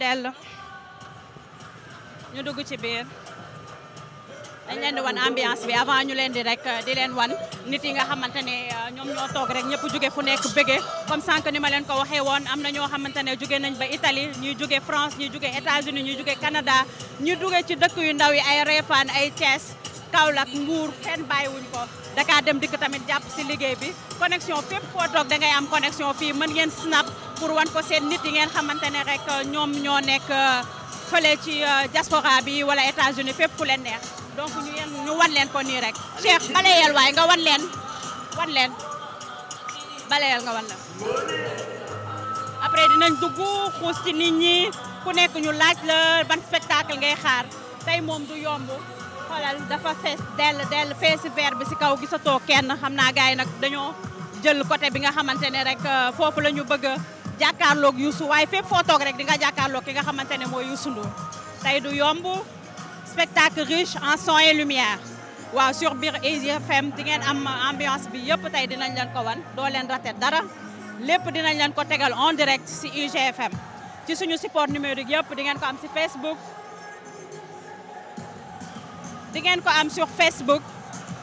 dell ñu dugg ci biir dañ leen di wan ambiance bi avant ñu leen di rek euh, di leen wan nit yi nga xamante ne euh, ñoom ñoo toog rek ñëpp jóge fu nekk bëggee comme sànq ni ma leen ko waxee woon am na ñoo xamante ne jóge nañ ba itali ñuy jóge France ñuy jóge États-Unis ñuy jóge Canada ñu jóge ci dëkk yu ndaw yi ay Réfane ay Thiès Kaolack Mbour fenn bàyyiwuñ ko Dakar dem dikk tamit jàpp si liggéey bi connexion fépp foo toog da am connexion fii mën ngeen snap pour wan ko seen nit yi ngeen xamantene rek ñom ño nek fele ci euh, diaspora bi wala États-Unis fep fu len neex donc ñu yeen ñu wan len ko ni rek Cheikh balayel way nga wan len wan len balayel nga wan la après dinañ duggu xoss ci nit ñi ku nek ñu laaj la ban spectacle ngay xaar tay mom du yomb xolal dafa fess del del fess verbe ci kaw gisatoo kenn xam naa gars dañoo jël côté bi nga xamantene rek euh, fofu lañu bëgg ak yusu way fepp fo tok rek di nga jakarlo ki nga xamantene moy yusu ndo tay du yomb spectacle riche en son et lumière waaw sur biir fm di ngeen am ambiance bi yep tay dinañ leen ko wan do len raté dara lepp dinañ leen ko tégal en direct ci ugfm ci suñu support numérique yep di ngeen ko am ci Facebook di ngeen ko am sur Facebook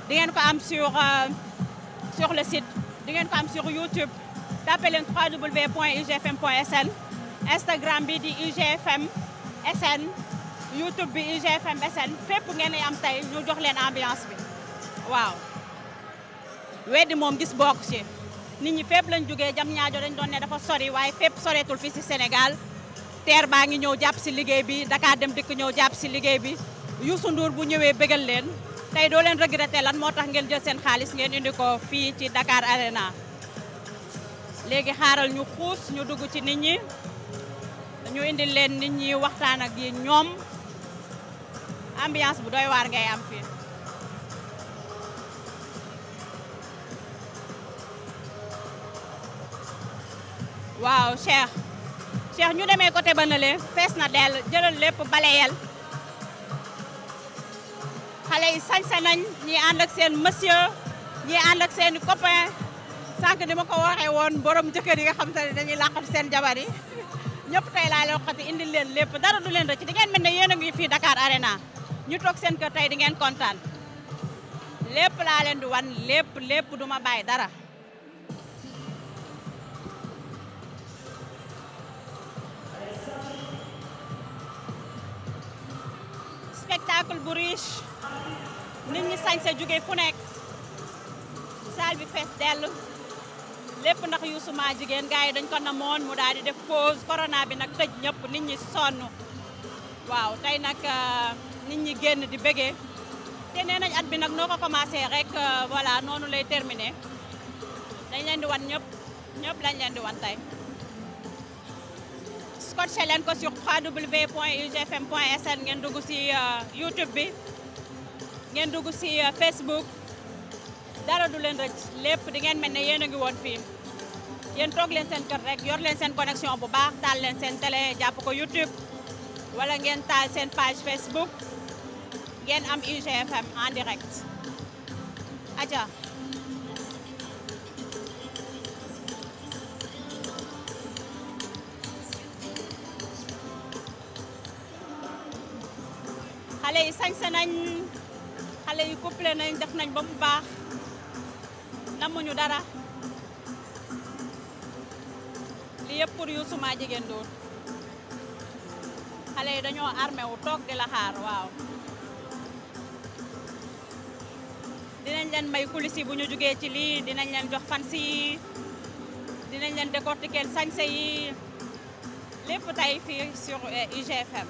di ngeen ko am sur euh, sur le site di ngeen ko am sur YouTube tapé leen www.ugfm.sn Instagram bi di UGFM SN YouTube bi UGFM SN fépp ngeen am tey ñu jox leen ambiance bi waaw. weddi moom gis bokk ci nit ñi fépp lañ jógee jam ñaajo dañ doon ne dafa sori waaye fépp soreetul fii si Sénégal Terre baa ngi ñëw si liggéey bi Dakar dem dik ñëw jàpp si liggéey bi Yusundur Ndour bu ñewé bégal leen tay do leen regretté lan motax ngeen jël seen xaaliss ngeen indi ko fi ci Dakar Arena. léegi xaaral ñu xuus ñu dugg ci nit ñi ñu indi leen nit ñi waxtaan ak yi ñoom ambiance bu doy waar ngay am waaw Cheikh Cheikh ñu demee côté Banale fees na dell jëlal lépp baleyel xale yi sañse ñi ànd ak seen monsieur ñi ànd ak seen copain. sank ni mako waxe won borom jëkkeer yi nga xam tane dañuy laqal seen jabar yi ñëpp tay la lo xati indi leen lepp dara du leen rëcc di ngeen melni yeen yéen a ngi fii Dakar Arena ñu tok seen kër tay di ngeen contane lepp la leen du wan lepp lepp du ma bàyyi dara. spectacle bu riche nit ñi sañ sa juggé fu nek salle bi fess delu lépp ndax Youssou ma jigéen gars yi dañ ko namoon mu daal di def pause corona bi nag tëj ñëpp nit ñi sonn waaw tey nag euh, nit ñi génn di bëggee te nee nañ bi nag noo ko commencé rek euh, voilà noonu lay terminé dañ leen di wan ñëp ñëpp lañ leen di wan tey scotché leen ko sur www.ugfm.sn ngeen dugg si euh, YouTube bi ngeen dugg si Facebook dara du leen rëcc lépp di ngeen mel ne yéen a ngi woon fii yéen toog leen seen kër rek yor leen seen connexion bu baax taal leen seen télé jàpp ko YouTube wala ngeen taal seen page Facebook ngeen am UGFM en direct aja xale yi sañse nañ xale yi couple nañ def nañ ba mu baax namuñu dara li yepp pour Youssou maa jigéen dóor xale yi dañoo armé wu tok di la xaar waaw dinañ leen may kulisi buñu joggé ci li dinañ leen jox fansi dinañ leen décortiquer sañse yi lepp tay fi sur eh, IGFM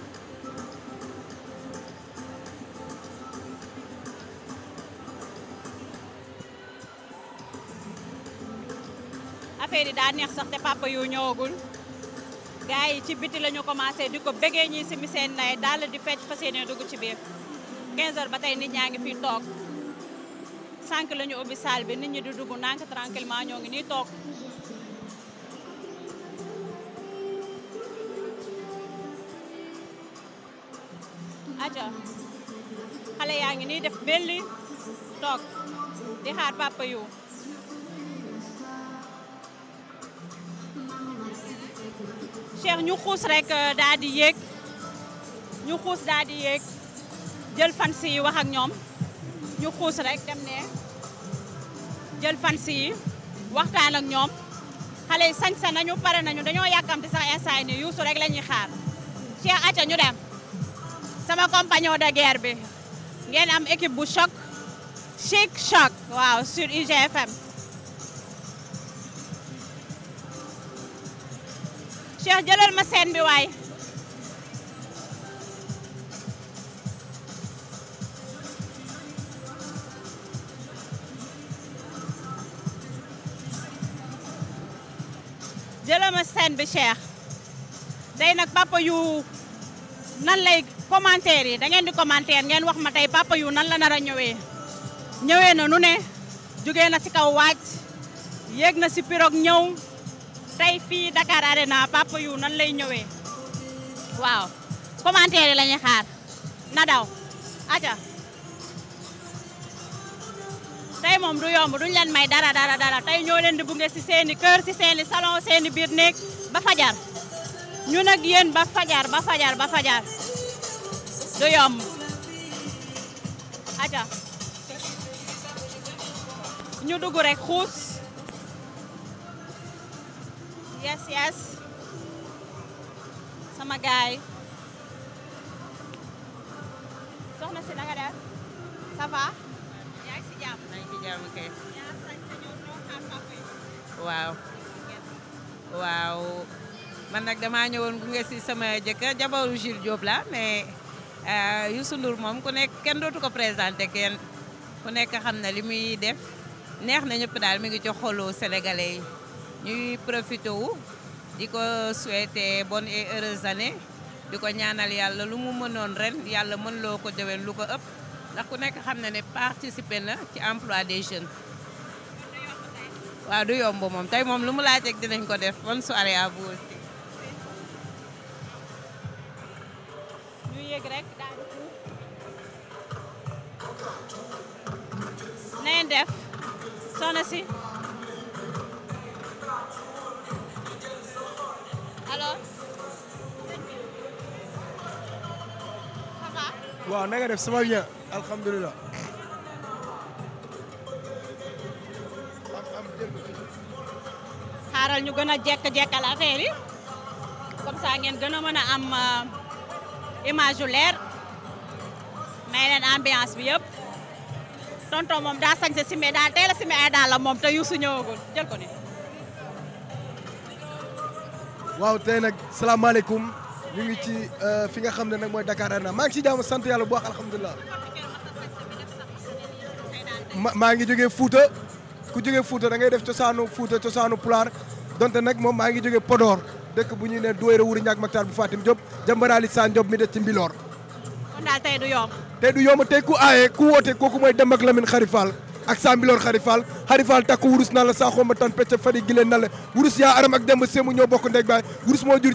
affaire daa neex sax te ci biti la commencé di ko bëggee ñi simi seen nay daal di fecc fas yéene dugg ci biir 15 ba tey nit ñaa ngi fii toog sànq la ñu ubbi salle bi nit ñi di dugg ndànk tranquillement ñoo ngi nii toog xale yaa ngi nii def belli toog di xaar papa Cheikh ñu xuus rek euh, daal di yéeg ñu xuus daal di yéeg jël fans yi wax ak ñoom ñu xuus rek dem jël fans yi waxtaan ak ñoom xale yi sañ sa nañu pare nañu dañoo yàkkamti sax instant yuusu rek la ñuy xaar Cheikh acca ñu dem sama compagnon de guerre bi ngeen am équipe bu choc chic choc waaw sur UGFM Cheikh jëlal ma sen bi way jëlal ma sen bi Cheikh day nak papa yu nan lay commentaire yi da ngeen di commentaire ngeen wax ma tay papa yu nan la nar a ñëwé ñëwee na nu né jugé na ci kaw wacc yegg na ci pirog ñëw tey fii Dakar Arena Papa Youth nan lay ñëwee waaw commentaire yi la ñuy xaar na daw aca tey moom du yomb duñ leen may dara dara dara tey ñoo leen di bunge si seeni kër si seeni salon seeni biir néeg ba fajar ñu nag yéen ba fajar ba fajar du yomb aca ñu dugg rek xuus yes yes sama gaay soxna si nanga waaw man nag dama ñëwoon gunge si sama jëkkër jabaru Jules Diop la mais euh, Youssou Ndour moom ku nekk kenn dootu ko présenté kenn ku nekk xam na li muy def neex na ñëpp daal mi ngi ci xolu sénégalais ñuy profité wu di ko souhaité bon et heureuse année di ko ñaanal yàlla lu mu mënoon ren yàlla mën loo ko déwén lu ko ëpp ndax ku nekk xam na ne participer na ci emploi des jeunes waa du yomb moom tey moom lu mu laa rek dinañ ko def bonne su à vous aussi ñu yëg def soxna si Alors Ça va Waaw Alhamdulillah. nga def ça va bien alhamdulilah. xaaral ñu gën a jekk-jekkal affaire yi comme ça ngeen gën a am euh, image yu leer may leen ambiance bi yëpp tonton mom daa sañse si mais a si mais ay daal la moom te yusu ñëwagul jël ko ni waaw tey nag salaamaaleykum ñu ngi ci euh, fi nga xam ne nag mooy Dakar na maa ngi ci jaamu sant yàlla bu wax alhamdulilah maa ngi jóge Fuuta ku jógee Fuuta da ngay def cosaanu Fuuta cosaanu Pulaar donte nag moom maa ngi jóge Podor dëkk bu ñuy ne Douaire Wuri Ñaak Maktar bu Fatim Diop jàmbaraali Sane Diop mi des ci Mbilor. kon daal tey du yomb. tey du yomb tey ku aaye ku woote kooku mooy dem ak Lamine Khary Fall ak sambiloor xari fall xari fall takku wurus naa la saaxooma tan pecca fari gileen na wurus yaa aram ak demba séemu ñoo bokk ndeg baay wurus moo jur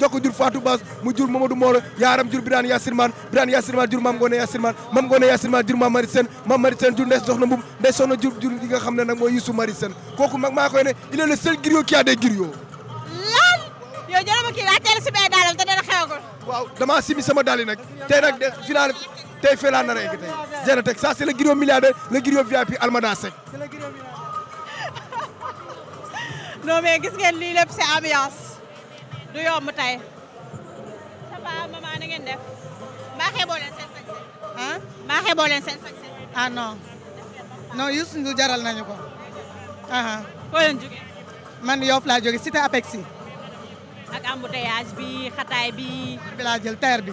jokko jur fatou mu jur mamadou mooro yaa aram jur biraan yaa sirmaan biraan yaa sirmaan jur maam mari sen maam mari sen jur ndes soxna mbub ndes soxna jur jur yi nga xam ne nag mooy yusu mari sen kooku mag maa koy ne il est le seul griot qui a des griots yow jëlama kii laa teel si bee daalal te dana sama daali nag tey nag final tey fee laa nar a egg tey jërë teg ça c'est le griot milliardaire le griot VIP Almada gis ngeen lii lépp c'est ambiance du yomb tey ça va maman na ngeen def baaxee boo leen seen sañse ah baaxee boo leen seen sañse ah non jaral nañu ko aa foo leen man Yoff laa jóge cité Apexi ak embouteillage bi xataay bi bi laa jël terre bi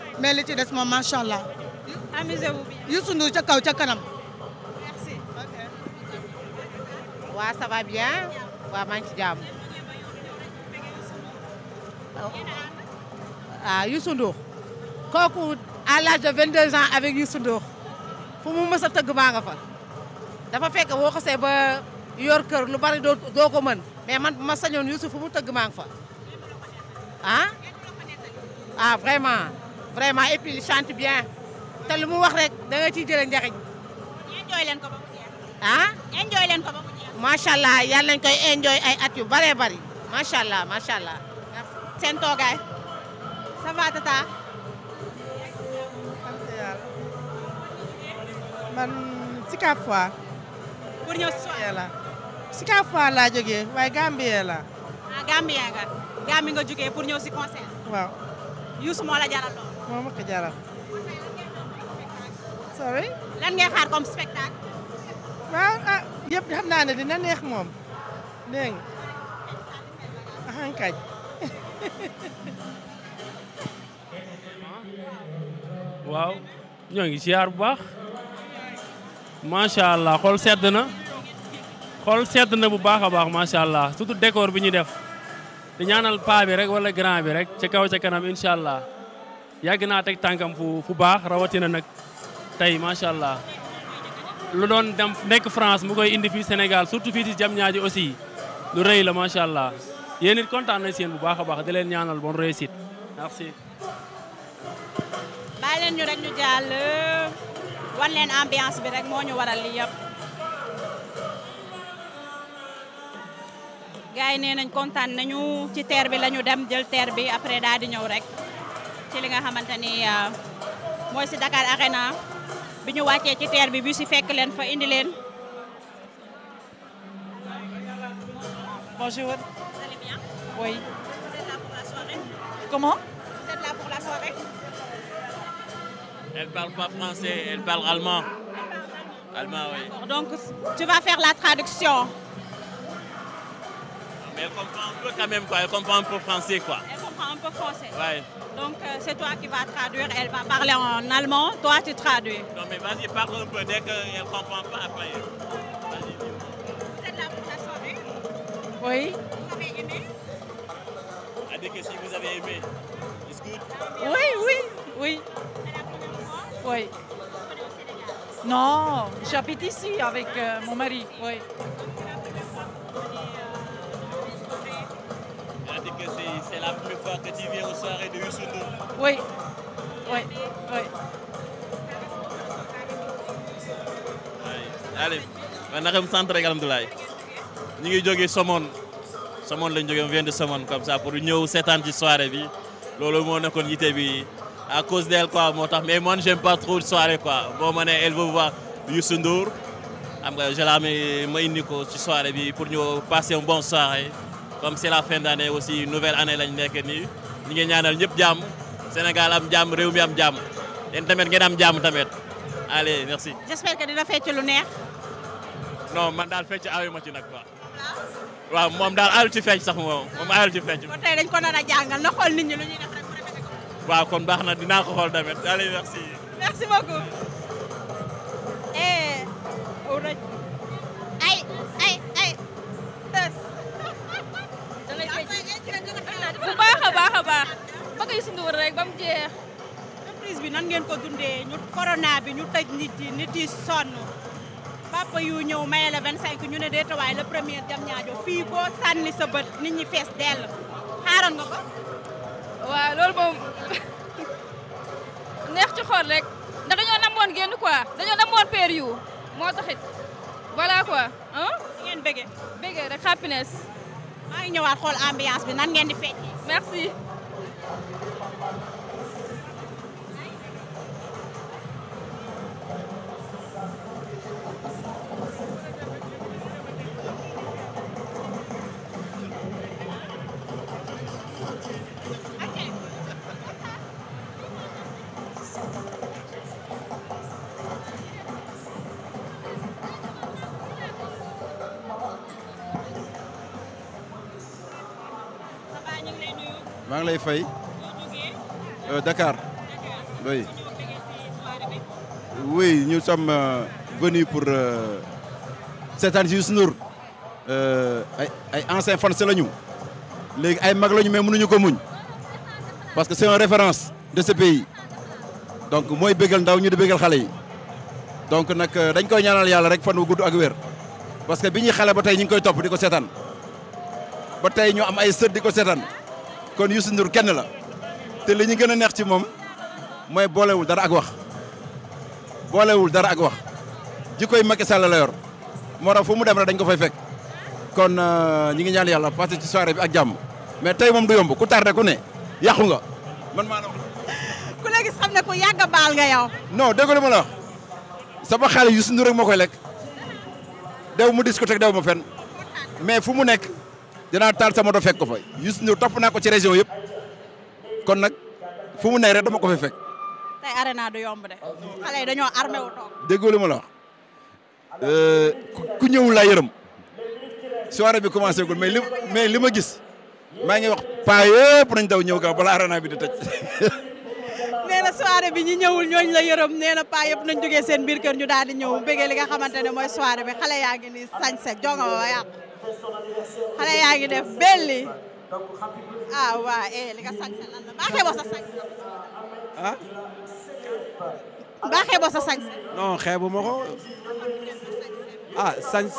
mais li ci des moom amusez-vous bien. Youssou Ndour ca kaw ca kanam. merci. ça va bien. waaw manche ngi ci jàmm. Oh. ah Youssou Ndour. kooku à l'âge de 22 ans avec Youssou Ndour faut mu mës a tëgg maa nga fa. dafa fekk boo xasee ba yor kër lu bari ko mais man bu ma sañoon Youssou faut mu tëgg maa fa ah. ah vraiment. vraiment et puis il chante bien té lu mu wax rek da nga ci jël njariñ. enjoy len ko ba mu jeex. han ah? enjoy len ko ba mu jeex. machallah yalla lañ koy enjoy ay at yu bëree bëri machallah machallah sen allah. seen ça va tata. man ci ka fois pour ñu si soirée la. ka fois la jógee way Gambie la. ah Gambie nga Gambie nga jógee pour ñëw ci concert. waaw. Youssou moo la jaral lool. moo ma ko jaral. sorry. lan ngay xaar comme spectacle. waaw ah yëpp xam naa ne dina neex moom dégg nga xànkaaj. waaw ñoo ngi siyaar bu baax macha allah xol sedd na xol sedd na bu baax a baax macha allah surtout dekoor bi ñu def. di ñaanal paa bi rek wala grand bi rek ca kaw ca kanam incha allah yàgg naa teg tànkam fu fu baax rawatina nag tey macha allah. lu doon dem nekk France mu koy indi fii Sénégal surtout fii ci Diamniadio aussi lu rëy la macha allah yéen kontaan nañ si bu baax a baax di leen ñaanal bonne réussite merci. bàyyi leen ñu rek ñu jàll wan leen ambiance bi rek moo ñu waral lii yëpp. Nous sommes nee nañ kontaan nañu ci terre bi la ñu dem jël terre bi après daal di ñëw rek ci li nga xamante ni euh, mooy Dakar Arena bi ñu wàccee ci terre bi bu si fekk leen fa indi leen. Bonjour. Vous allez bien? Oui. Vous êtes là pour la soirée? Comment? Vous êtes là pour la soirée? Elle parle pas français, elle parle allemand. Elle parle allemand. Allemand, oui. donc tu vas faire la traduction. Elle comprend un peu quand même, quoi. Elle comprend un peu français, quoi. Elle comprend un peu français. Donc, euh, c'est toi qui vas traduire. Elle va parler en allemand. Toi, tu traduis. Non, mais vas-y, parle un peu. Dès qu'elle ne comprend pas, après. Vas-y. Vous êtes là pour la soirée Oui. Vous avez aimé Elle dit que si vous avez aimé. It's good. Oui, oui, oui. C'est la première fois Oui. Vous au Sénégal Non, j'habite ici avec euh, mon mari. Oui. la fois que tu viens au soirée de Youssou Oui, oui, oui. Allez, je suis centre Alhamdoulaye. Nous sommes venus Somon. Somon, on vient de Somon comme ça pour nous, 7 ans de soirée. Lolo de bi à cause d'elle quoi mon mais moi j'aime pas trop de soirée quoi bon elle veut voir Youssou je l'ai ma soirée pour nous passer une bonne soirée comme c'est la fin d'année aussi nouvelle année lañ nekk nii ñi ngi ñaanal ñëpp jàmm Sénégal am jàmm réew mi am jàmm yéen tamit ngeen am jàmm tamit allez merci. j'espère que dina fecc lu non man daal fecc aayuma ci nag waaw moom daal aayul ci fecc sax moom moom aayul ci fecc. kon tey a jàngal na xool nit lu ñuy def rek waaw kon baax na dinaa ko xool tamit merci. merci a baax bëgg Youssou Ndour rek ba mu jeex. reprise bi nan ngeen ko dundee ñu corona bi ñu tëj nit yi nit yi sonn papa yu ñëw maye la 25 ñu ne dee waay le premier jam ñaajo fii boo sànni sa bët ni ñi fees dell xaaroon nga ko. waaw loolu moom neex ci xol rek ndax dañoo namoon génn quoi dañoo namoon père yu moo taxit voilà quoi ah. ngeen bëggee. bëggee rek happiness. maa ngi xool ambiance bi nan ngeen di feccee. merci. lay fay. Euh, Dakar. oui. oui nous sommes euh, venus pour seetaan euh, si Youssou Ndour ay ay ancien fans lañu léegi ay mag lañu mais mënuñu ko muñ parce que c'est une référence de ce pays donc moy bégal ndaw ñu di bégal xalé yi donc nak dañ koy ñaanal yalla rek fan wu gudd ak wér parce que biñu xalé ba tay ñing koy top diko sétane ba tay ñu am ay sët diko sétane kon Youssou kenn la te li ñu gën a neex ci moom mooy boolewul dara ak wax boolewul dara ak wax jikkoy ma Sall la moo tax fu mu dem rek dañ ko fay fekk kon euh, ñi ngi ñaan yàlla passé ci soirée bi ak jàmm mais tey moom du yomb ku tardé ku ne yàqu nga man maa la wax. ku la gis xam ne ku yàgg baal nga yow. non dégg sama xale Youssou Ndour rek moo koy lekk dew mu discothèque dew fu mu nekk. dinaa taal sama moto fekk ko fa Youssou Ndour topp naa ko ci région yëpp kon nag fu mu ne rek dama ko fa fekk. tey arena du yomb de xale yi dañoo armé wu ma la ku ñëwul yërëm soirée bi commencé gul mais li li ma gis maa ngi wax paa yëpp nañ daw ñëw ka bala arena bi di tëj. nee na soirée bi ñi ñëwul ñooñu la yërëm nee na paa yëpp nañ jógee seen biir kër ñu daal di ñëw bu bëggee li nga xamante ne mooy soirée bi xale yaa ngi nii sañ se jonga ba yàq. xale yaa ngi def belli ah waa eh li nga sañ lan la baaxee sa sañ. ah. baaxee boo sa sañ. xeebu ma ko. ah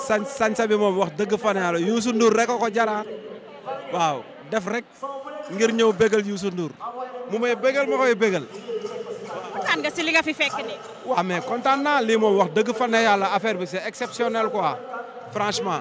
sañ sañ bi moom wax dëgg fa ne yàlla Youssou rek a ko jaraat waaw def rek ngir ñëw bégal Youssou Ndour mu may bégal ma koy bégal. kontaan nga si li nga fi fekk nii. waaw mais kontaan naa lii moom wax dëgg fa ne yàlla affaire bi c'est exceptionnel ko franchement.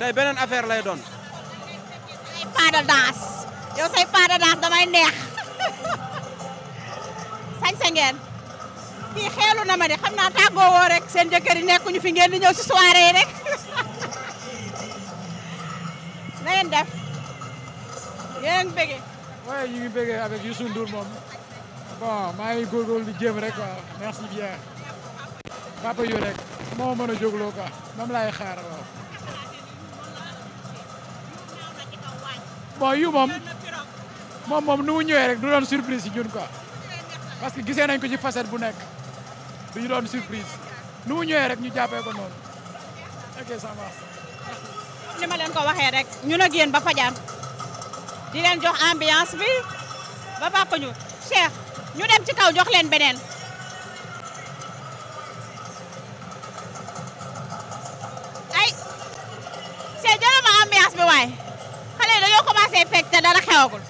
tey beneen affaire lay doon. ay pas yow say pas de damay neex sañse ngeen kii xeelu na ma de xam naa tàggoo woo rek seen jëkkër yi nekkuñu fi ngeen di ñëw si soirée rek na ngeen def yéen ngi bëggee. waaye ñu ngi avec Youssou Ndour moom bon maa ngi góorgóorlu di jéem rek waaw merci bien rek moo mën a jógloo moom laay xaar bon yu moom moom moom nu mu ñëwee rek du loon surprise si ñun quoi parce que gisee nañ ko ci facette bu nekk du ñu doon surprise nu mu ñëwee rek ñu jàppee ko noonu ok ça ma leen ko waxee rek ñu ak yéen ba fajaan di jox ambiance bi ba bàkk ñu ñu dem ci kaw jox leen beneen. ne dara xewagul.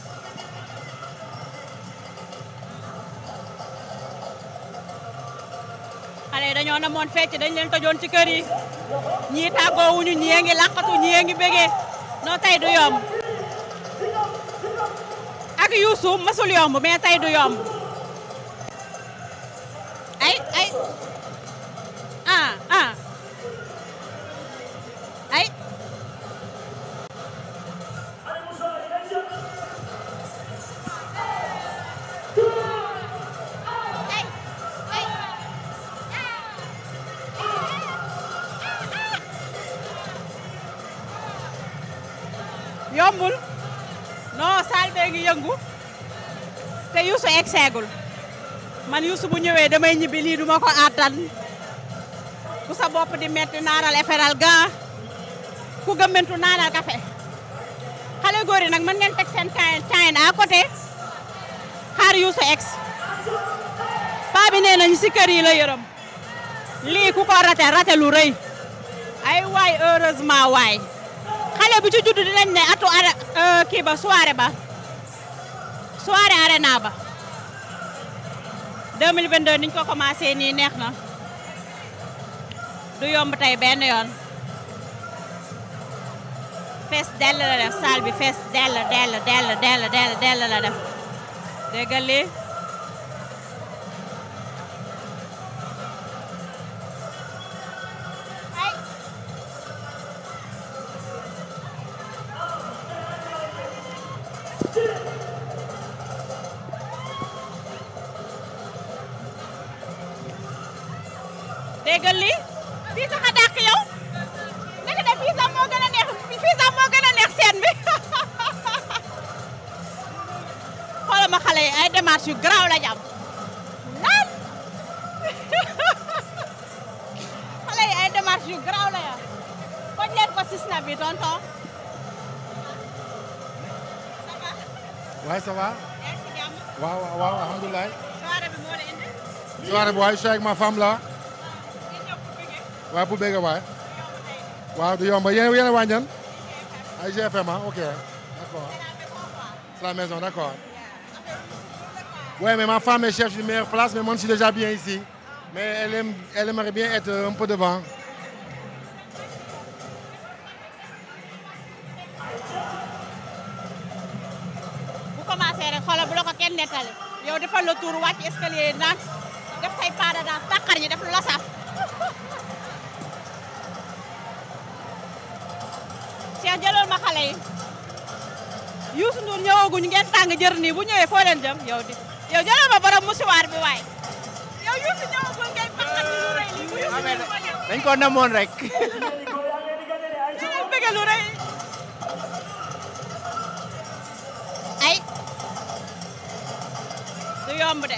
xale yi dañoo namoon fecc dañ leen tojoon ci kër yi ñii tàggoowuñu ñii ngi làqatu ñii ngi bégee noo tey du yomb ak Youssou masul yomb mais tey du yomb ay ay. te Youssou egg seegul man Youssou bu ñëwee damay ñibbi lii duma ko àttan ku sa bopp di metti naanal eferal gan ku gëmmentu naanal kafe xale góor yi nag mën ngeen teg seen taayin à côté xaar Youssou egg paa bi nee nañu si yi la yërëm lii ku ko rate rate lu rëy ay waay heureusement waay xale bu ci judd dinañ ne atu ara euh, kii ba ba soirée arena ba 2022 niñ ko commencé nii neex na du yomb tey benn yoon fees dell la def salle bi fees dell dell dell dell dell dell la def dégg nga lii koñ leen ko sis na bi tonton. ça va. Oui, ça va. Merci, ngi Waouh, jàmm. waaw waaw indi. je suis avec ma femme là. Oui, ah, pour bëgg waouh, waaw du yomb yéen y a waa ñan. ay GFM ah ok d'accord. c'est la maison d'accord. Oui, mais ma femme elle cherche une meilleure place mais moi je suis déjà bien ici. mais elle elle aimerait bien être un peu devant. defal la tour wàcc escalier naan def say paada daal tàqar ñi def lu la saf Cheikh jëlal ma xale yi Youssou Ndour ñëwaguñ ngeen tàng jër nii bu ñëwee foo leen jëm yow di yow jëlal ma borom bi yow ngeen ci lu bu dañ ko rek bëgg lu yomb de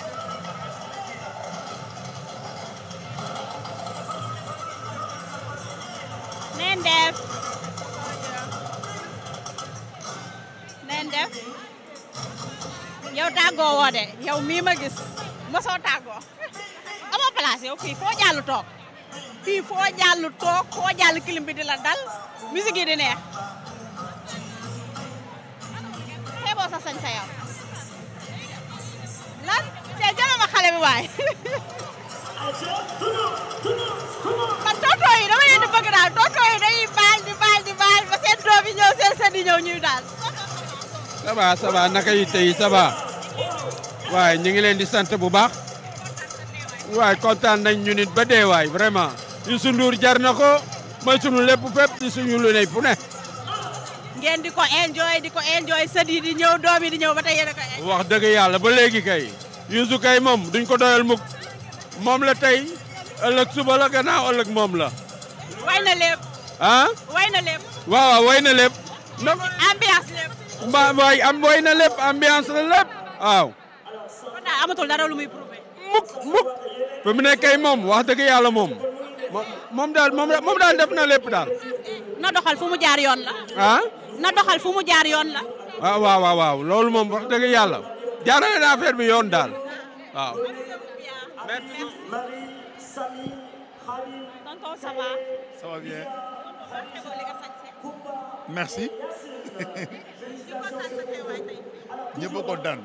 neen def neen def de yow mii ma gis mosoo tàggoo amoo place yow fii foo jàll toog fii foo jàll toog foo jàll clim bi di la dal musique di neex xeeboo sa sañ lan c'est jëma ma xale bi waay. man tontoo yi dama leen di bëgg daal tontoo yi baal di baal di baal ba seen doom yi ñëw seen sën yi ñëw ñuy daal. ça va naka yi tey ça va waaye ñu ngi leen di sant bu baax. waaye kontaan nañ ñu nit ba dee waay vraiment. Youssou Ndour jar na ko mooy sunu lépp fépp ci suñu lu ne ngeen di ko enjoy di ko enjoy sët ñëw doom yi di ñëw ba tey yéen a ko wax dëgg yàlla ba léegi kay Youssou kay moom duñ ko doyal mukk moom la tey ëllëg suba la gannaaw ëllëg moom la. way na lépp. ah. na lépp. waaw waaw na lépp. donc ambiance lépp. waay na lépp ambiance la lépp amatul dara lu muy prouvé. mukk mukk. fi kay moom wax dëgg yàlla moom. moom daal moom daal def na lépp daal. na doxal fu mu jaar yoon la. Ah? na doxal fu mu jaar yoon la. Ah, waaw waaw waaw loolu moom wax dëgg yàlla jaarale na affaire bi yoon daal waaw. merci. tonton merci. ñëpp a kontaan.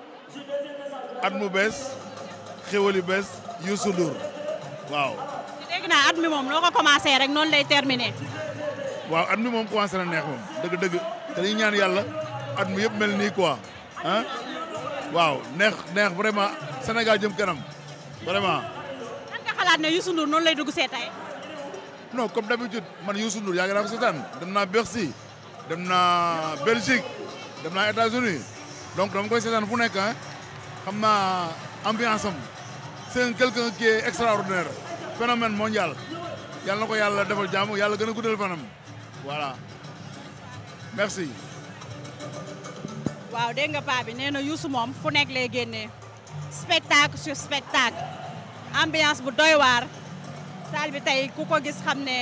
at mu bees xéwal yu bees Youssou Ndour waaw. dégg naa at mi moom noo ko commencé rek noonu lay terminé. waaw at mi moom commencé na neex moom dëgg-dëgg. dañuy ñaan yàlla at mu yëpp mel nii quoi ah waaw neex neex vraiment Sénégal jëm kanam vraiment. lan nga xalaat ne Youssou Ndour noonu lay dugg seetaay. non comme d'habitude man Youssou Ndour yàgg naa ko seetaan dem naa Bercy dem naa Belgique dem naa États-Unis donc dama koy seetaan fu nekk ah xam naa ambiance am c'est un quelqu'un qui est extraordinaire phénomène mondial yàlla na ko yàlla defal jàmm yàlla gën a guddal fanam voilà. waaw dégg nga paa bi nee na Youssou moom fu nekk lay génnee spectacle sur spectacle ambiance bu doy waar salle bi tey ku ko gis xam ne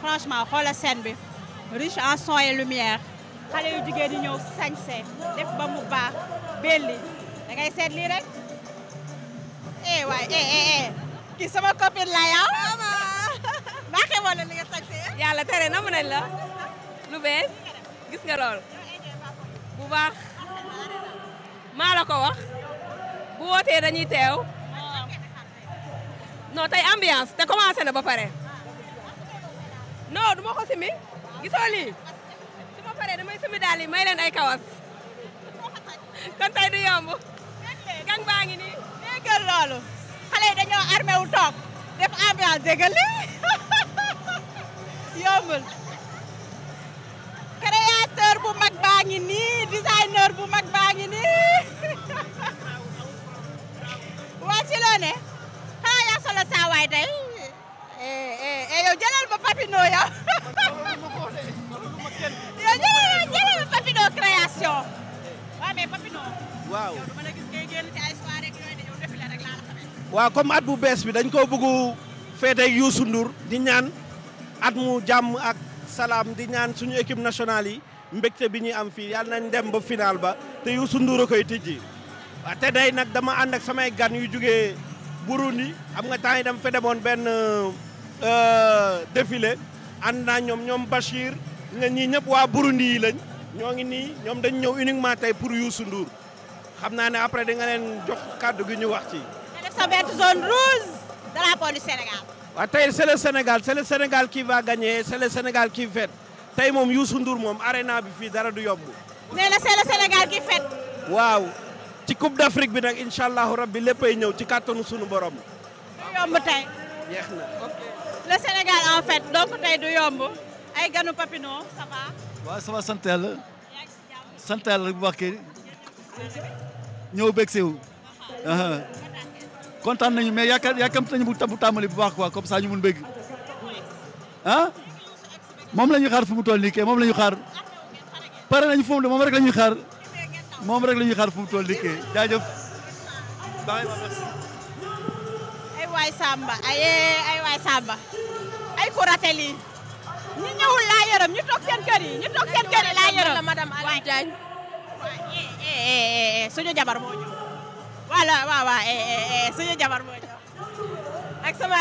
franchement xoola scène bi riche en son et lumière xale yu jigéen di ñëw sañse def ba mu baax belli da seet lii rek eh waay eh, eh, eh. kii sama copine la yow. maa xewoon na li nga sañse. yàlla tere na mu ne la lu bees. gis nga lool bu baax maa la ko wax bu wootee dañuy teew non tey ambiance te commencé na ba pare non du ma ko simi gisoo lii su ma damay simi daal yi may leen ay kawas kon tey yomb gang baa ngi nii déggal loolu xale dañoo armé toog def ambiance déggal li yombul designer bu mag baa ngi designer bu mag baa ngi nii waa ci loo ne ha ya solo saa waay day eh, eh, eh yow jëlal ba papino yow ya yo jëlal ba papino création waaw mais papino waaw comme at bu best, bi dañ ko bëgg feete ak Youssou Ndour di ñaan at mu jamm ak salam di ñaan suñu équipe nationale yi mbekté bi ñi am fi yal nañ dem ba final ba té Youssou Ndour a koy tijji waaw te day nak dama and ak samay gan yu jugee Burundi am nga temps dem fé demone ben euh défilé and na ñom ñom bashir nga ñi ñep wa Burundi yi lañ ñoo ngi nii ñoom dañ ñew uniquement tay pour Youssou Ndour xam naa ne après di nga len jox cadeau gi ñu wax ci. def sa benn zone rouge drapeau du Sénégal. wa tay c'est le Sénégal c'est le Sénégal qui va gagner c'est le Sénégal qui fête. tey moom Youssou Ndour moom arena bi fii dara du yomb. nee na c'est le Sénégal qui fête. waaw ci coupe d'Afrique bi nag incha allahu rabbi léppay ñëw ci kàttanu sunu borom. du yomb tey. jeex Sénégal en fête donc tey du yomb ay ganu Papino ça va. waaw ça va sant yàlla. sant yàlla bu baax kii. ñëw beeg wu. kontaan nañu mais yaakaar yaakamte nañu bu tàmbali bu baax ko comme ça mun bëgg moom la ñuy xaar fu mu toll nii kay moom la ñuy xaar pare nañu foofu de moom rek la ñuy xaar moom rek la ñuy xaar fu mu toll nii kay jaajëf. ay ay waay Samba ay ku raté ñi ñëwul laa yërëm ñu toog seen kër yi ñu toog seen kër yi laa yërëm eh, eh, eh, jabar moo ñëw voilà waaw jabar moo ak sama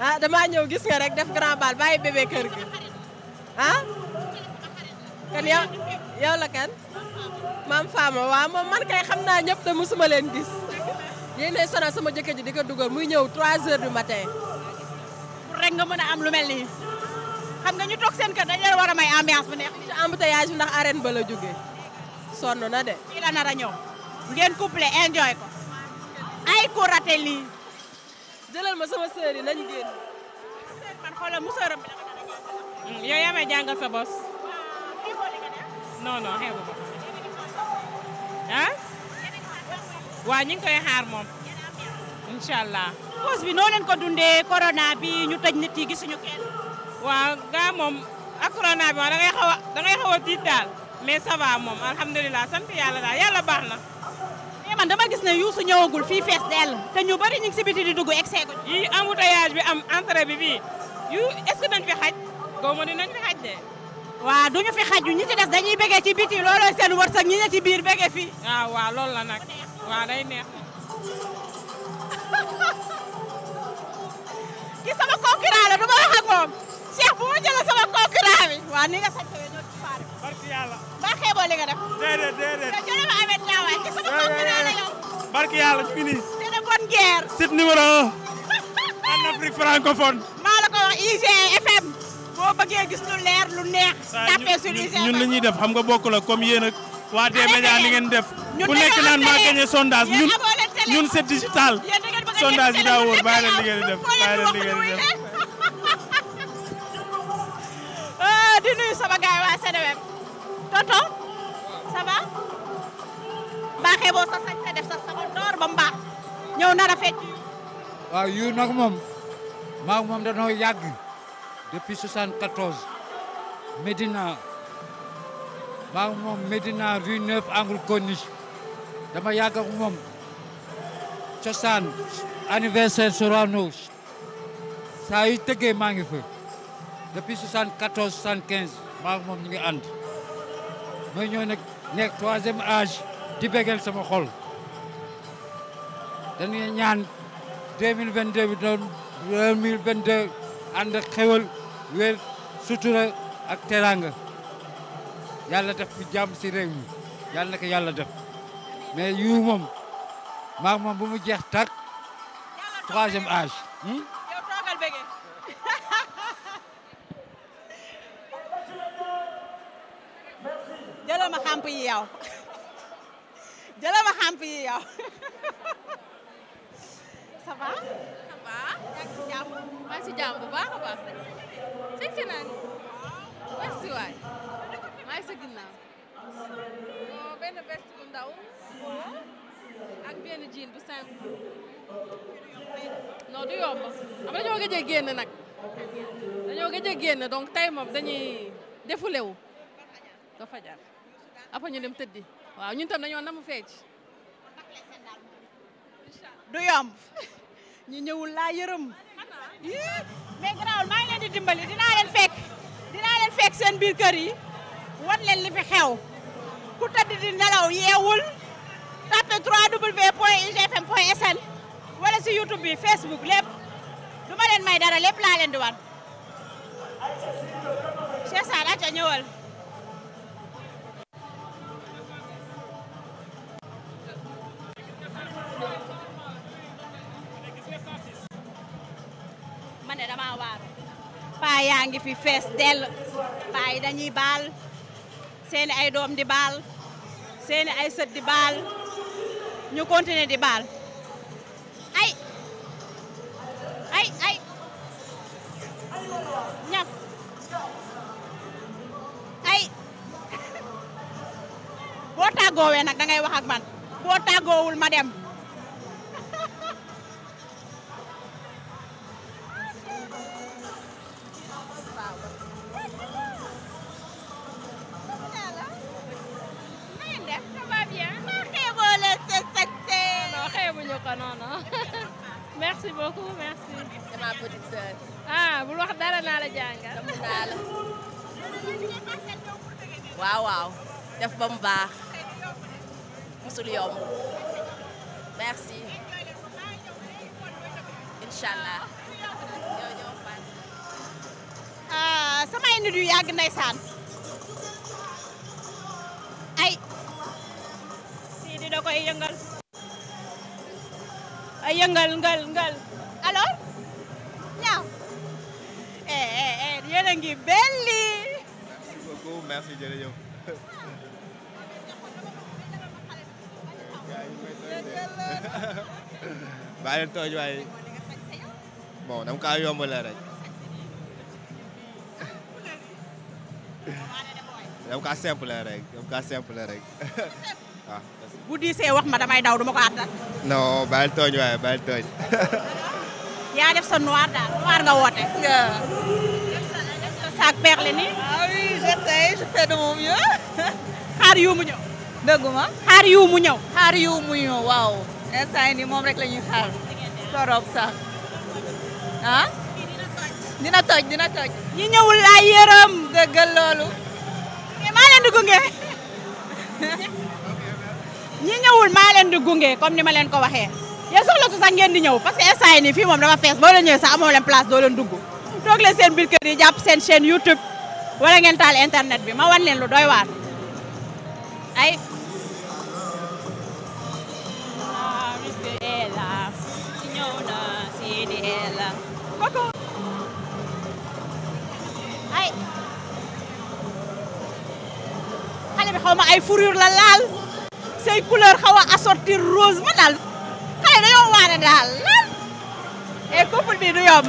ah damaa ñëw gis nga rek def grand bal bàyyi bébé kër gi ah kan yow yow la kan maam Fama waaw moom man kay xam naa ñëpp te musuma leen gis yéenay sama jëkkër ji di ko dugal muy ñëw 3 heures du matin. pour rek nga mën a am lu mel nii xam nga ñu toog seen kër dañ war a may ambiance bu neex. ci embouteillage bi ndax arène ba la jógee sonn na de. fii nar a ñëw ngeen couplé enjoy ko ay ku raté lii. jëlal ma sama sœur yi nañ génn. man xoolal mu sœuram bi la ko mm, yow yaa may ko. ah. ah? waaw moom. incha allah. bi noo ko dundee corona ñu tëj nit yi gisuñu kenn. waaw gaa moom ak corona bi moom da ngay xaw a da ngay xaw a moom alhamdulilah sant yàlla daal yàlla baax na. man dama gis ne Youssou ñëwagul fii fees dell te bari ñu ngi si biti di dugg exeegu. yii embouteillage bi am entrée bi fii yu est que dañ fi xaj gaw ma ni de. waaw du fi xaj ñi ci des dañuy bëggee ci biti looloo seen wërsëg ñi ne ci biir bëggee fii. waaw ah, waaw loolu la nag waaw day neex. ki sama concurrent du ma wax ak bu ma jëlee sama concurrent bi ni nga sañ barki yàlla. ba xeeboo li nga def. déedéet déedéet. te jërëjëf Ameth Ndiaye naa la yow. barki yàlla ñu ngi nii. c'est de bonne maa la ko wax IGFM. boo bëggee gis lu leer lu neex. tapé sur IGFM ñun li def xam nga bokk la comme yéen ak. li ngeen def. ku nekk naan maa gagné sondage ñun ñun c'est digital. sondage bi daa wóor bàyyi di def leen li ah, di def. di nga toog ça boo sa sañ sa def sa sabon door ba mu baax ñëw nar a nag moom maa moom danoo yàgg depuis 74 Médina maa moom Médina rue 9 angle Corniche dama yàgg ak moom cosaan anniversaire Sorano saa yu tëggee maa ngi fa depuis 74 75 maa moom ñu ngi ànd mooy ñoo nag nekk troisième âge di bégal sama xol dañuy ñaan 2022 bi doon 2022 ànd ak xewal wér sutura ak teraanga yàlla def fi jàmm si réew mi yàlla na yàlla def mais yu maa moom bu mu jeex tàkk troisième âge. Hmm? jëla ma xàmp yi yow jëla ma si jàmm. maa ngi si jàmm bu baax a si waay maa ngi si benn veste bu ndaw. ak benn jean bu simple. non du yomb am dañoo gëj a génn nag. dañoo gëj a génn donc tey moom dañuy défoulé après ñu dem tëddi waaw ñuntam tam dañoo namu fecc du yomb ñu ñëwul laa yërëm mais garaawul maa ngi leen di dimbali dinaa leen fekk dinaa leen fekk seen biir kër yi li fi xew ku tëdd di nelaw yeewul tapé 3w point igfm point sn wala si youtube bi facebook du ma leen may dara lépp laa leen di wan Cheikh Sarr aca ñëwal yaa ngi fi fees dell baay dañuy baal seeni ay doom di baal seene ay sët di baal ñu continuer di baal ay ay ay ñaf ay boo tàggoowee nag dangay ngay wax ak man boo tàggoowul ma dem dara naa la jàngal. Wow wow. waaw waaw def ba mu musul yomb. merci. incha allah. ah eh, samay nit yu yàgg ndeysaan. ay. sii di da koy yëngal. ay yëngal ngal ngal. ngi belli. merci waaye bon dama kaa yombalee rek. dama kaa simple rek dama kaa simple rek waaw. Ah, bu diisee wax ma damay daw duma ko waaye baa leen yaa def sa noir daal noir nga woote. ak perle ni ah oui j'essaie je fais de mon mieux xaar yu mu ñew deuguma xaar yu mu ñew xaar yu mu ñew waaw instant ni mom rek lañuy xaar torop sax ah dina toj dina toj ñi ñewul la yeureum deugal lolu ma len di gungé ñi ñewul ma len di gungé comme ni ma len ko waxé ya soxla tu sax ngeen di ñew parce que instant ni fi mom dama fess bo len ñew sax amo len place do len dugg toog leen seen biir kër yi jàpp seen chaîne YouTube wala ngeen taal internet bi ma wan leen lu doy waar ay ay xale ay fourrure la laal say couleur xaw assortir rose ma daal xale dañoo waane daal lan et eh, couple bi du yomb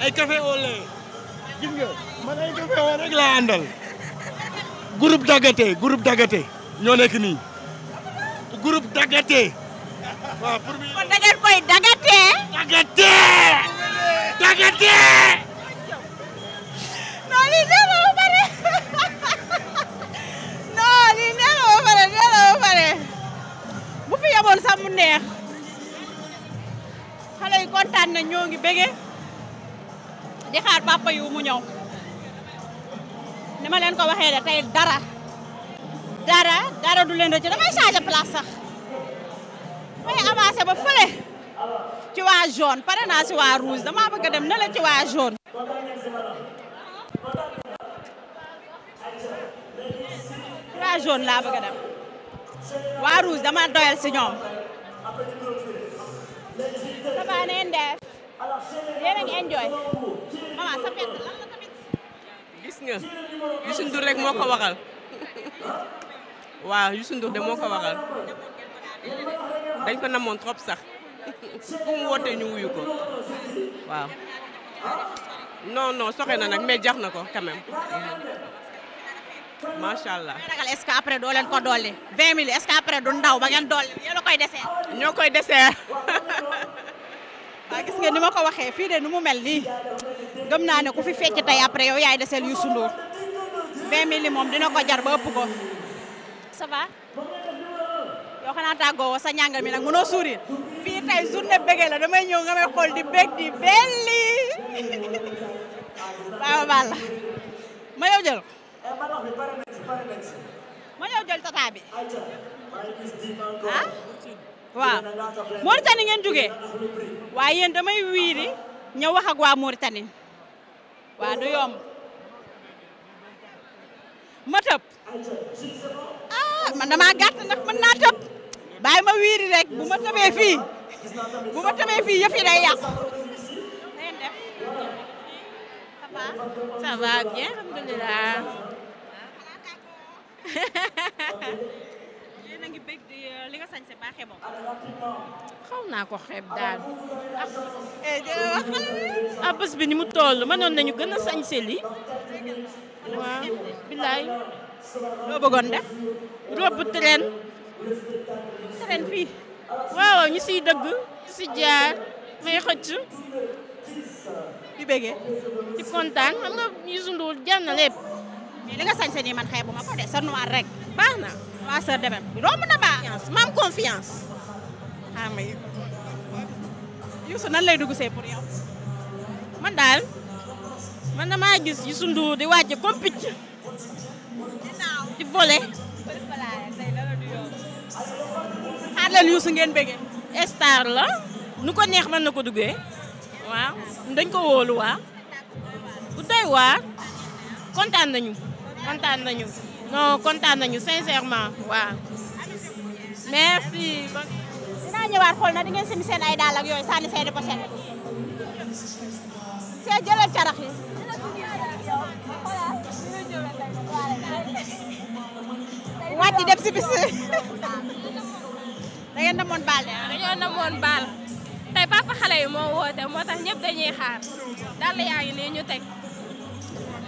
ay café au lait man ay café au rek laa àndal groupe Dagate groupe Dagate ñoo nekk nii groupe Dagate waaw pour mu. kon da koy Dagate. Dagate Dagate. non lii nee na ba pare non lii nee na ba kontaan na ngi bëggee. di xaar papa yu mu ñëw ni ma leen ko waxee de tey dara dara dara du leen rëcc damay changer place sax may ba fële ci waa jaune pare naa si waa rouge dama bëgg a dem na ci waa jaune ci waa jaune laa bëgg a waa rouge dama doyal si ñoom ça va neen def yéen a enjoy gis nga Youssou Ndour rek moo ko waxal waaw Youssou Ndour de moo ko waxal dañ ko namoon trop sax fu mu wootee ñu wuyu ko waaw non non soxe na nag mais jax na ko quand même macha allah. ragal est que après doo leen ko dolli 20 000 est que après du ndaw ba ngeen dolli a ñoo koy desee waaw gis ngeen ni ma ko waxee fii de nu mu mel nii gëm naa ne ku fi fecc tey après yow yaay deseel Youssou Ndour 20 mille moom dina ko jar ba ëpp ko ça va xanaa tàggoo sa ñàngal mi nag mënoo sourire fii tey journée bëggee la damay ñëw nga may xool di bég di belli waaw balla ma yow jël ma yow jël tata bi ah? waaw Mauritanie ngeen jógee waaye yéen damay wiiri ña wax ak waa Mauritanie waa du yomb ma tëb ah man damaa gàtt ndax mën naa tëb bàyyi ma wiiri rek bu ma tëbee fii bu ma tëbee fii yëf yi day yéen a ngi bëgg di eh, li nga sañse baaxee moom. xaw naa ko xeeb daal. Eh, eh, ah bés bi ni mu toll mënoon nañu gën a sañse lii. waaw billaay. loo bëggoon def. robe si jaar may xëcc. di bëggee. di kontaan xam nga Youssou Ndour jar na lépp. mais li nga sañse nii man xeebu ma ko de sa noir rek baax na. waa sœur de même na ba maam confiance xam nga Youssou nan lay dugg see pour yow man daal man damaa gis Youssou Ndour di wàcce comme picc di volé xaar leen Youssou ngeen bëggee star la nu ko neex mën na ko duggee waaw dañ ko wóolu waa bu doy kontaan nañu kontaan nañu non kontaan nañu sincèrement waaw. merci. dinaa ñëwaat xool na di ngeen simi ay daal ak yooyu sànni seen i pochette. see jëlal carax yi. wàcc dem si bis. da ngeen namoon baal de ah. dañoo namoon baal. tey papa xale yi moo woote moo tax ñëpp dañuy xaar. dàll yaa ngi nii ñu teg.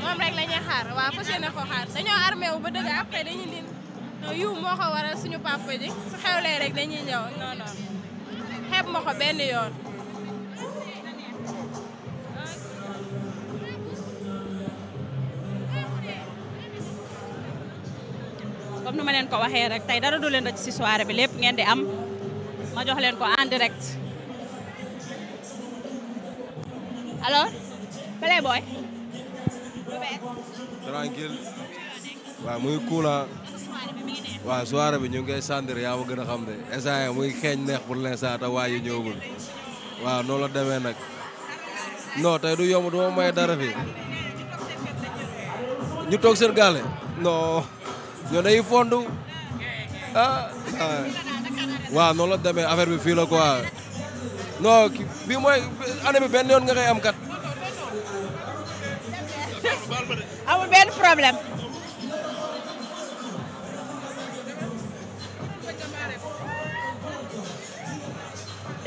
moom rek la ñuy xaar waaw fas ko xaar dañoo armé wu ba dëgg après dañuy din suñu papa dañuy ñëw non non xeeb ma ko benn yoon. comme nu ma leen ko waxee rek tey dara du leen rëcc ci soirée bi lépp ngeen di am ma jox leen ko en direct alors Playboy tranquille waa muy kuula waaw soirée bi ñu ngi koy sentir yaa ma gën a xam de instant muy xeeñ neex pour l'instant te waa yi ñëwagul waaw noonu la demee nag non tey du yomb du ma may dara fi ñu toog seen gaale ñoo day fondu ah waaw noonu la demee affaire bi fii la quoi non bii mooy année bi benn yoon nga koy am kat amul benn problème.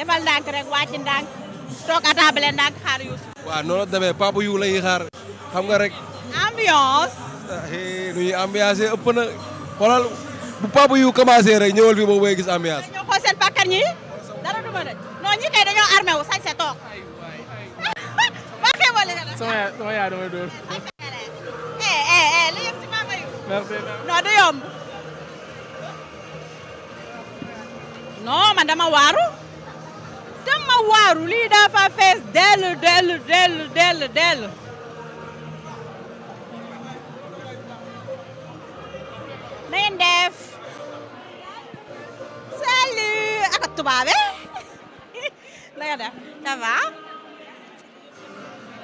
defal ndànk rek wàcc ndànk toog atable ndànk xaar Youssou. waaw noonu la demee Papa yu lay xaar xam nga rek. ambiance. Ah, eh, nu ambiance ëpp na bu Papa yu commencé rek ñëwal fi boobu ngay gis ambiance. ñoo xool seen ñi dara du ma ñi kay dañoo armé wu toog. sama yaay sama yaay damay dóor. merci non yomb non man waaru dama waaru lii dafa fees dell dell dell dell dell na ngeen tubaabe eh? na nga def ça va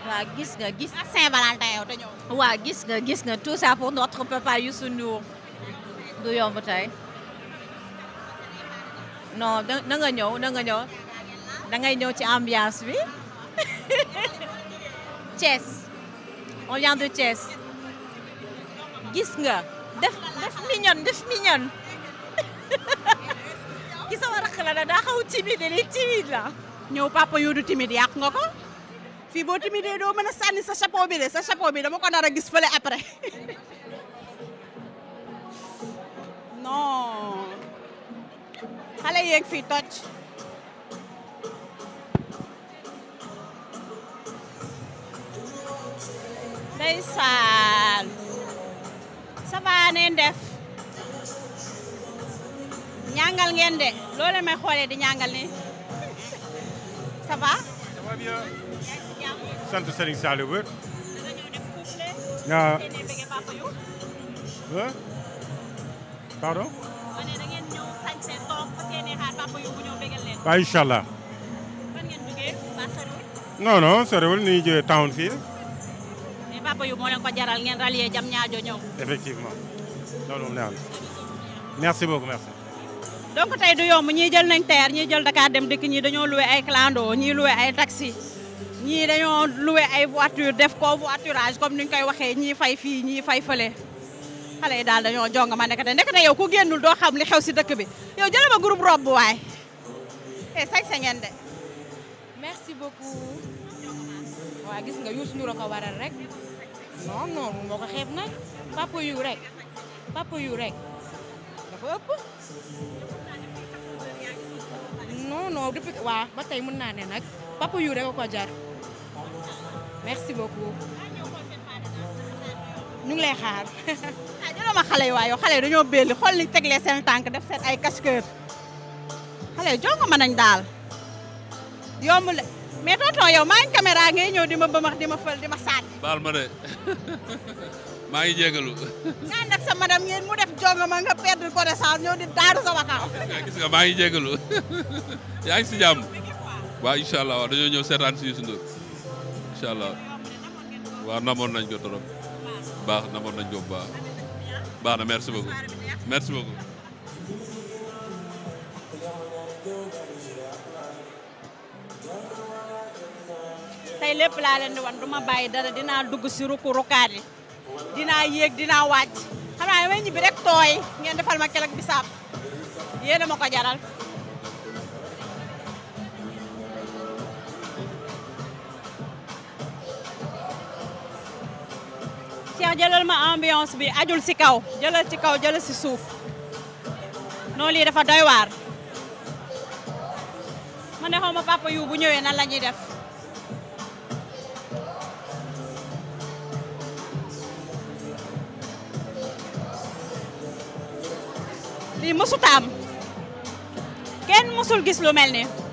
wa gis nga ah, Saint-Valentin yow te nga tout ça pour notre papa Youssou Ndour du yomb non da nga ñew da nga ñew da ngay ñew ci ambiance bi on vient de chess. gis nga def def mignonne def mignonne ki sama la da xaw timide li timide la. ñew papa timide nga ko. fii booti timidee doo mën a sànni sa chapeau bi de sa chapeau bi dama ko nar gis fële après non xale yeeg fii toj ndeysaan ça va neen def ñàngal ngeen de loole may xoolee di ñàngal ni ça va sant Serigne Saliou wër. waaw. pardon. waaw incha allah. non non soriwul ni jógee town fii. mais papa yu moo ko jaral ngeen rallier jam ñaajo ñëw. effectivement loolu moom neex na merci beaucoup merci. donc tey du yomb ñii jël nañ TER ñii jël Dakar dem dikk ñii dañoo loué ay clando ñii loué ay taxi. ñii dañoo loué ay voiture def ko voiturage comme ni ñu koy waxee ñii fay fii ñii fay fële xale yi daal dañoo jonga ma nekkate nekkate yow ku génnul doo xam li xew si dëkk bi yow jël ma groupe rob bu waay e sañse ngeen de merci beaucoup waaw gis nga Youssou Ndour a ko waral rek non non moo ko xeeb nag papa yu rek papa yu rek dafa ba tey mën naa ne nag papa yu rek a jar merci beaucoup. ñu ngi lay ma xale yi waaye yow xale yi dañoo ni teglee seen tànk def seen ay casqueur xale jongo ma nañ daal yomb la mais tonton yow maa ngi caméra ngay ñëw di ma bëmax di ma fël di ma saat. baal ma de maa ngi jégalu. nga ànd ak sa madame ma nga perdre connaissance maa ngi jégalu yaa ngi si jàmm. waaw incha allah waaw dañoo ñëw seetaan si Youssou incha allah waaw namoon nañ ko trop baax namoon nañ ko bu baax baax di wan duma bay, dara dina dugg si ruku rukaat yi dinaa yéeg dinaa wàcc xam naa rek tooy ngeen defal ma kelak bisaab jaral Cheikh jëlal ma ambiance bi ajul si kaw jëlal ci kaw jëlal si souf no li dafa doy war mané ne papa yu bu ñëwé nan lañuy def def musu tam kenn musul gis lu melni